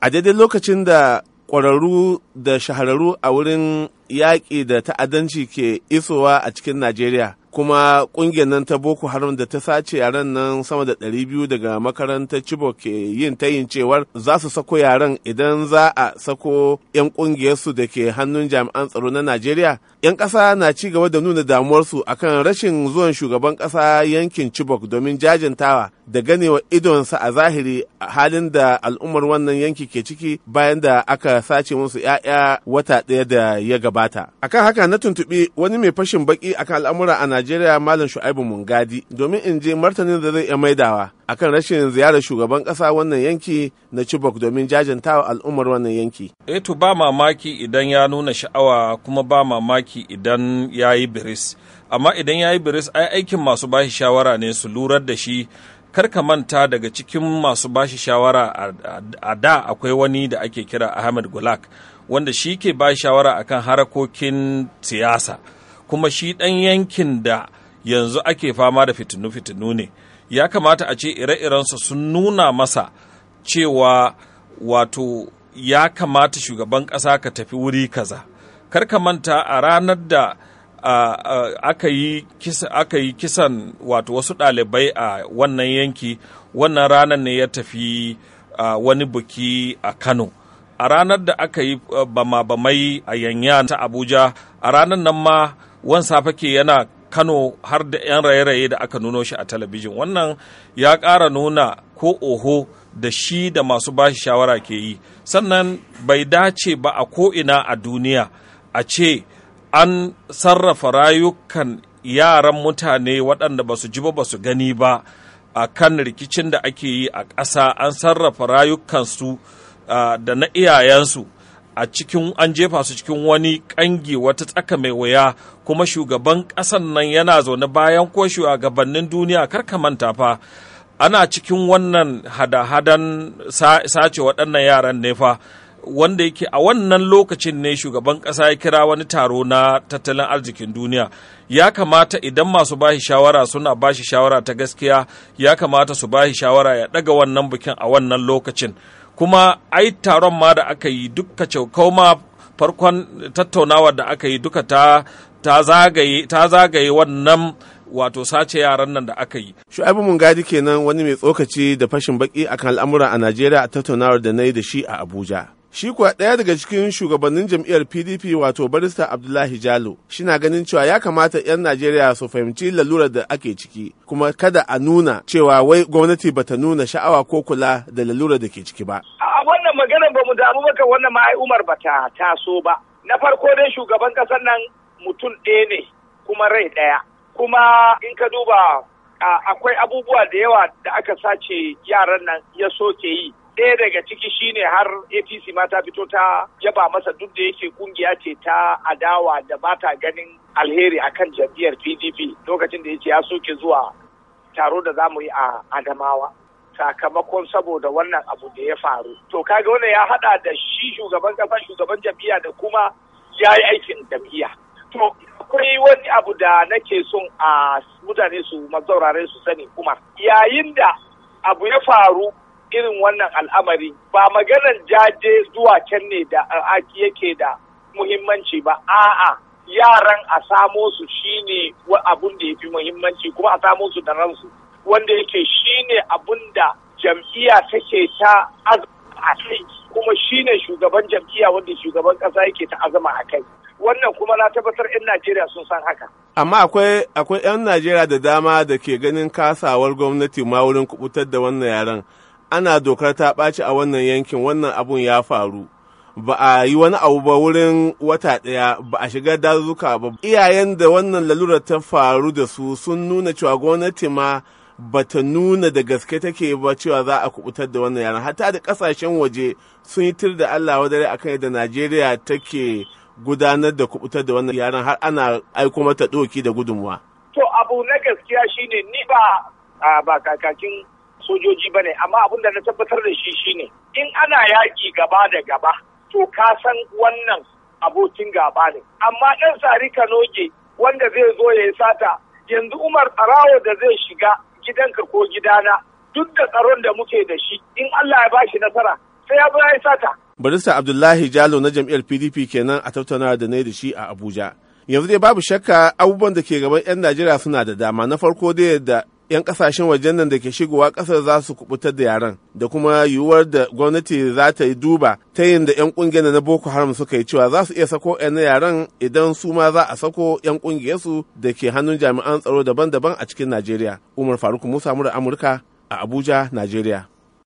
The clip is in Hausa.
a daidai lokacin da ƙwararru da shahararru a wurin yaƙi da ta'addanci ke isowa a cikin najeriya kuma kungiyar nan ta boko haram da ta sace yaran nan sama da 200 daga makarantar chibok ke yin tayin cewar za su sako yaran idan za a sako 'yan kungiyarsu da ke hannun jami'an tsaro na najeriya 'yan ƙasa na ci gaba da nuna damuwarsu akan rashin zuwan shugaban ƙasa yankin chibok domin jajintawa da ganewa idonsa a zahiri halin da al'ummar wannan yanki ke ciki bayan da aka sace musu 'ya'ya wata ɗaya da ya gabata akan haka na tuntuɓi wani mai fashin baki akan al'amura a Najeriya Malam Shu'aibu Mungadi domin in je martanin da zai iya maidawa akan rashin ziyarar shugaban ƙasa wannan yanki na Chibok domin jajantawa al'ummar wannan yanki. eto eh ba mamaki idan ya nuna sha'awa kuma ba mamaki idan ya yi biris. Amma idan ya yi biris ai aikin masu bashi shawara ne su lurar da shi kar ka manta daga cikin masu bashi shawara a da akwai wani da ake kira Ahmed Gulak wanda shi ke bashi shawara akan harakokin siyasa. kuma shi ɗan yankin da yanzu ake fama da fitinu-fitinu ne ya kamata a ce ire-irensa sun nuna masa cewa wato ya kamata shugaban ƙasa ka tafi wuri kaza kar ka manta a ranar da aka yi kisan wato wasu ɗalibai a wannan yanki wannan ranar ne ya tafi wani buki a kano a ranar da aka yi bama-bamai a yanyan ta abuja a ranar nan ma wan ke yana kano har da 'yan raye-raye da aka nuno shi a talabijin wannan ya ƙara nuna ko oho da shi da masu bashi shawara ke yi sannan bai dace ba a ko'ina a duniya a ce an sarrafa rayukan yaran mutane waɗanda ba su ji ba ba su gani ba a kan rikicin da ake yi a ƙasa an sarrafa rayukansu da na iyayensu a cikin an jefa su cikin wani kangi wata tsaka mai wuya kuma shugaban ƙasan nan yana zaune bayan ko shugabannin duniya karka manta fa ana cikin wannan hada-hadan sace waɗannan yaran ne fa wanda yake a wannan lokacin ne shugaban ƙasa ya kira wani taro na tattalin arzikin duniya ya kamata idan masu bashi shawara suna bashi shawara ta gaskiya ya kamata su bashi shawara ya ɗaga wannan bikin a wannan lokacin kuma ai taron ma da aka yi duka caukau ma farkon tattaunawar da aka yi duka ta ta zagaye wannan wato sace yaran nan da aka yi. Shu'aibu gadi kenan wani mai tsokaci da fashin baki akan al'amura a Najeriya a tattaunawar da na yi da shi a Abuja. Shi kuwa ɗaya daga cikin shugabannin jam'iyyar PDP wato barista Abdullahi Jalo shina ganin cewa ya kamata 'yan Najeriya su fahimci lalurar da ake ciki kuma kada a nuna cewa wai gwamnati bata nuna sha'awa ko kula da lalurar da ke ciki ba. A wannan maganar ba mu damu maka wannan ma'ai Umar ba ta taso ba. Na farko dai shugaban ƙasar nan mutum ɗaya ne kuma rai ɗaya. Kuma in ka duba akwai abubuwa da yawa da aka sace yaran nan ya soke yi ɗaya daga ciki shine har apc ma ta fito ta yaba masa duk da yake kungiya ce ta adawa da ba ta ganin alheri akan jam'iyyar pdp lokacin da yake ya soke zuwa taro da za mu yi a adamawa sakamakon saboda wannan abu da ya faru to kaga wannan ya hada da shi shugaban kasa shugaban jam'iyya da kuma ya yi aikin jam'iyya to akwai wani abu da nake son a mutane su mazaurare su sani kuma yayin da abu ya faru irin wannan al'amari ba maganar jaje zuwa can ne da aki yake da muhimmanci ba a'a yaran a samo su shine abun da ya muhimmanci kuma a samo su da ransu wanda yake shine abun da jam'iyya take ta azama a kai kuma shine shugaban jam'iyya wanda shugaban ƙasa yake ta azama a kai wannan kuma na tabbatar 'yan Najeriya sun san haka. Amma akwai akwai 'yan Najeriya da dama da ke ganin kasawar gwamnati ma wurin kubutar da wannan yaran ana dokar ta ɓaci a wannan yankin wannan abun ya faru ba a yi wani abu ba wurin wata ɗaya ba a shiga dazuka ba iyayen da wannan lalura ta faru da su sun nuna cewa gwamnati ma ba ta nuna da gaske take ba cewa za a kubutar da wannan yaran hatta da kasashen waje sun yi tir da allah wa dare akan yadda najeriya take gudanar da kubutar da wannan yaran har ana aiko mata doki da gudunmuwa to abu na gaskiya shine ni ba ba kakakin sojoji ba ne amma abin da na tabbatar da shi shine in ana yaƙi gaba da gaba to ka san wannan abokin gaba ne amma ɗan sari noge wanda zai zo ya yi sata yanzu umar tsarawa da zai shiga gidanka ko gidana duk da tsaron da muke da shi in Allah ya ba shi nasara sai ya ya yi sata. Barista Abdullahi Jalo na jam'iyyar PDP kenan a tattaunawa da na da shi a Abuja. yanzu dai babu shakka abubuwan da ke gaban 'yan najeriya suna da dama na farko dai da 'yan kasashen wajen nan da ke shigowa kasar za su kubutar da yaren da kuma yiwuwar da gwamnati za ta yi duba ta yin da 'yan kungiyar na boko haram suka yi cewa za su iya sako 'yan yaren idan su ma za a sako 'yan ƙungiyarsu da ke hannun jami'an tsaro daban-daban a cikin najeriya umar faruk musa mura amurka a abuja najeriya